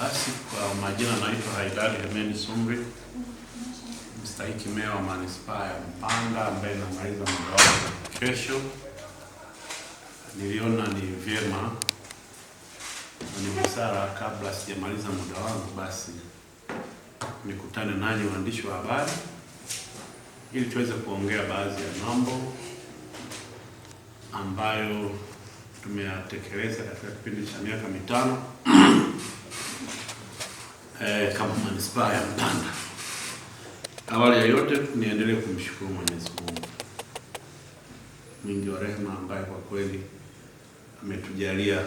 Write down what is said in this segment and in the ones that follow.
Basi kwa majina naitwa Haidari Hemeni Sumri, mstahiki meya wa manispaa ya Mpanda ambaye namaliza muda wangu kesho. Niliona ni vyema ni busara, kabla sijamaliza muda wangu, basi nikutane nanyi waandishi wa habari ili tuweze kuongea baadhi ya mambo ambayo tumeyatekeleza katika kipindi cha miaka mitano eh, kama manispaa ya Mpanda. Awali ya yote niendelee kumshukuru Mwenyezi Mungu mwingi wa rehema ambaye kwa kweli ametujalia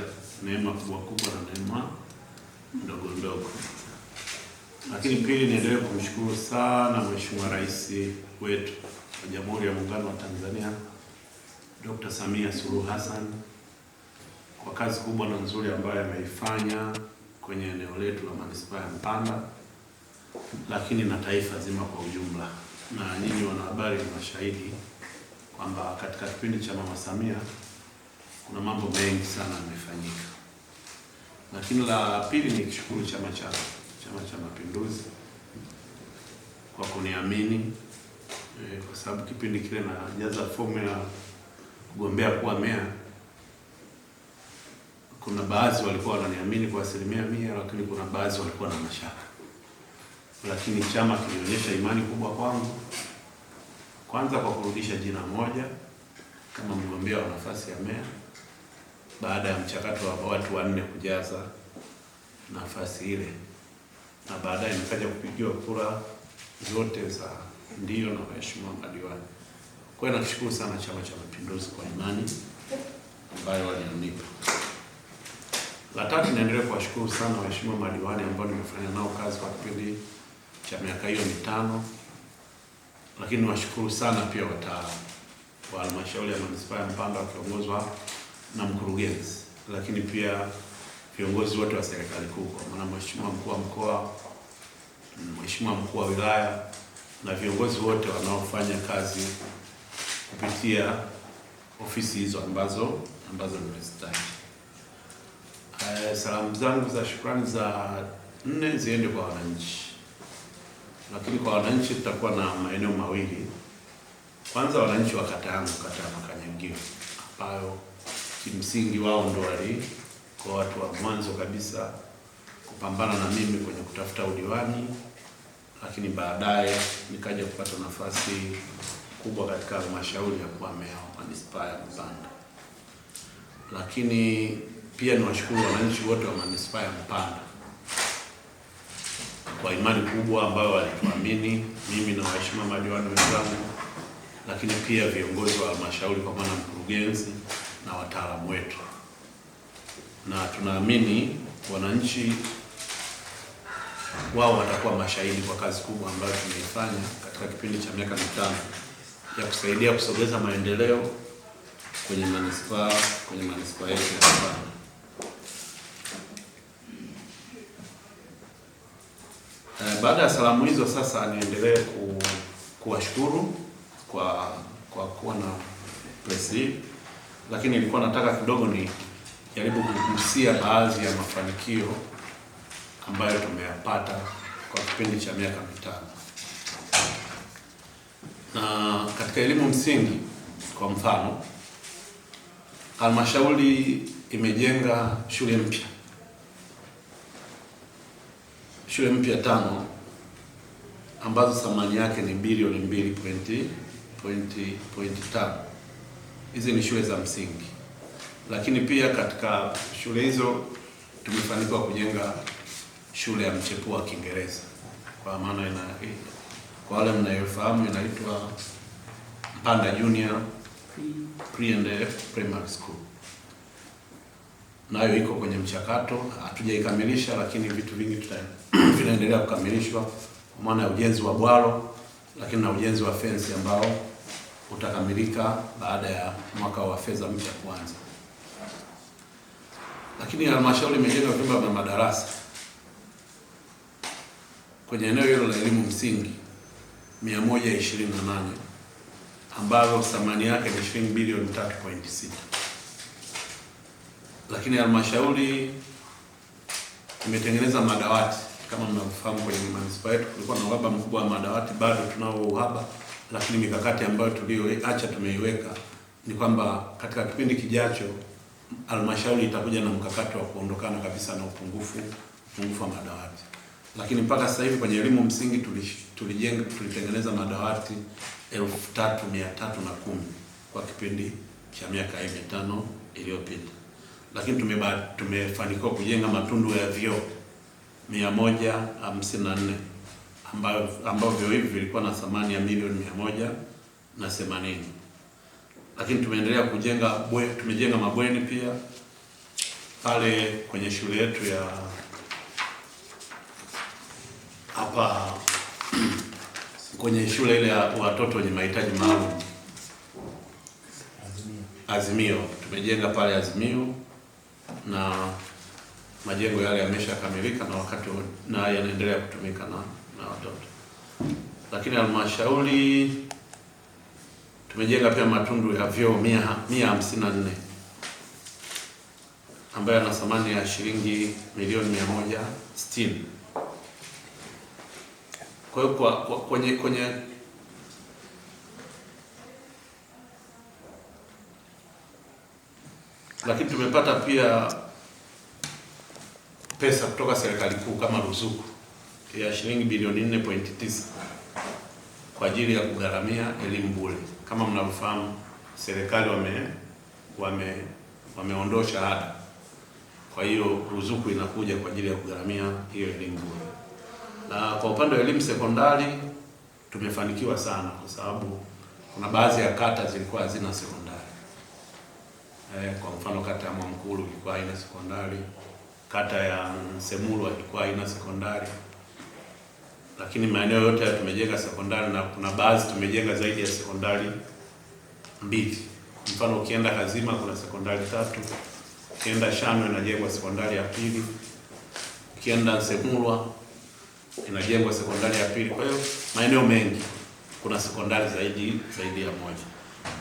neema kubwa kubwa na neema ndogo ndogo, lakini pili niendelee kumshukuru sana Mheshimiwa Rais wetu wa Jamhuri ya Muungano wa Tanzania Dr. Samia Suluhu Hassan kwa kazi kubwa na nzuri ambayo ameifanya kwenye eneo letu la manispaa ya Mpanda, lakini na taifa zima kwa ujumla. Na nyinyi wanahabari ni mashahidi kwamba katika kipindi cha Mama Samia kuna mambo mengi sana yamefanyika, lakini la pili ni kishukuru chama cha Chama cha Mapinduzi kwa kuniamini e, kwa sababu kipindi kile najaza fomu ya kugombea kuwa meya kuna baadhi walikuwa wananiamini kwa asilimia mia, lakini kuna baadhi walikuwa na mashaka, lakini chama kilionyesha imani kubwa kwangu, kwanza kwa kurudisha jina moja kama mgombea wa nafasi ya meya baada ya mchakato wa watu wanne kujaza nafasi ile, na baadaye nikaja kupigiwa kura zote za ndio na waheshimiwa madiwani. Kwa hiyo nashukuru sana Chama cha Mapinduzi kwa imani ambayo walionipa. La tatu, niendelee kuwashukuru sana waheshimiwa madiwani ambao nimefanya nao kazi kwa kipindi cha miaka hiyo mitano, lakini niwashukuru sana pia wataalamu wa halmashauri ya manispaa ya Mpanda wakiongozwa na mkurugenzi, lakini pia viongozi wote wa serikali kuu, kwa maana mheshimiwa mkuu wa mkoa, mheshimiwa mkuu wa wilaya na viongozi wote wanaofanya kazi kupitia ofisi hizo ambazo ambazo nimezitaja. Eh, salamu zangu za shukrani za nne ziende kwa wananchi, lakini kwa wananchi tutakuwa na maeneo mawili. Kwanza wananchi wa kata yangu, kata ya Makanyagio ambayo kimsingi wao ndo wali kwa watu wa mwanzo kabisa kupambana na mimi kwenye kutafuta udiwani, lakini baadaye nikaja kupata nafasi kubwa katika halmashauri ya kuwa meya wa manispaa ya Mpanda, lakini pia ni washukuru wananchi wote wa manispaa ya Mpanda kwa imani kubwa ambayo walituamini mimi na waheshimiwa madiwani wenzangu, lakini pia viongozi wa halmashauri kwa maana mkurugenzi na wataalamu wetu, na tunaamini wananchi wao watakuwa mashahidi kwa kazi kubwa ambayo tumeifanya katika kipindi cha miaka mitano ya kusaidia kusogeza maendeleo kwenye manispaa kwenye manispaa yetu ya Mpanda. baada ya salamu hizo sasa niendelee ku, kuwashukuru kwa kwa kuwa na press hii, lakini nilikuwa nataka kidogo ni jaribu kugusia baadhi ya mafanikio ambayo tumeyapata kwa kipindi cha miaka mitano na katika elimu msingi. Kwa mfano, halmashauri imejenga shule mpya shule mpya tano ambazo thamani yake ni bilioni mbili pointi pointi pointi tano. Hizi ni shule za msingi, lakini pia katika shule hizo tumefanikiwa kujenga shule ya mchepuo wa Kiingereza kwa maana ina, kwa wale mnayofahamu inaitwa Mpanda Junior Pre and Primary School nayo iko kwenye mchakato, hatujaikamilisha lakini vitu vingi vinaendelea kukamilishwa kwa maana ya ujenzi wa bwalo, lakini na ujenzi wa fensi ambao utakamilika baada ya mwaka wa fedha mpya kuanza. Lakini halmashauri imejenga vyumba vya madarasa kwenye eneo hilo la elimu msingi 128 ambavyo thamani yake ni shilingi bilioni 3.6 lakini halmashauri imetengeneza madawati kama mnavyofahamu, kwenye manispaa yetu kulikuwa na uhaba mkubwa wa madawati, bado tunao uhaba, lakini mikakati ambayo tuliyoacha tumeiweka ni kwamba katika kipindi kijacho halmashauri itakuja na mkakati wa kuondokana kabisa na upungufu upungufu wa madawati. Lakini mpaka sasa hivi kwenye elimu msingi tulijenga tulitengeneza madawati elfu tatu mia tatu na kumi kwa kipindi cha miaka hii mitano iliyopita lakini tumefanikiwa kujenga matundu ya vyoo mia moja hamsini na nne ambayo vyoo hivi vilikuwa na thamani ya milioni mia moja na themanini lakini tumeendelea kujenga bwe, tumejenga mabweni pia pale kwenye shule yetu ya hapa kwenye shule ile ya watoto wenye mahitaji maalum Azimio, tumejenga pale Azimio na majengo yale yameshakamilika na wakati na yanaendelea kutumika na na watoto. Lakini halmashauri tumejenga pia matundu ya vyoo mia hamsini na nne ambayo yana thamani ya shilingi milioni mia moja sitini. Kwa hiyo kwenye kwenye lakini tumepata pia pesa kutoka serikali kuu kama ruzuku ya shilingi bilioni 4.9 kwa ajili ya kugharamia elimu bure. Kama mnavyofahamu, serikali wame- wame wameondosha ada, kwa hiyo ruzuku inakuja kwa ajili ya kugharamia hiyo elimu bure. Na kwa upande wa elimu sekondari tumefanikiwa sana, kwa sababu kuna baadhi ya kata zilikuwa hazina sekondari eh, kwa mfano kata ya Mwamkulu ilikuwa haina sekondari, kata ya Msemulwa ilikuwa haina sekondari, lakini maeneo yote hayo tumejenga sekondari na kuna baadhi tumejenga zaidi ya sekondari mbili. Mfano ukienda Kazima kuna sekondari tatu, ukienda Shanwe inajengwa sekondari ya pili, ukienda Semulwa inajengwa sekondari ya pili. Kwa hiyo maeneo mengi kuna sekondari zaidi zaidi ya moja.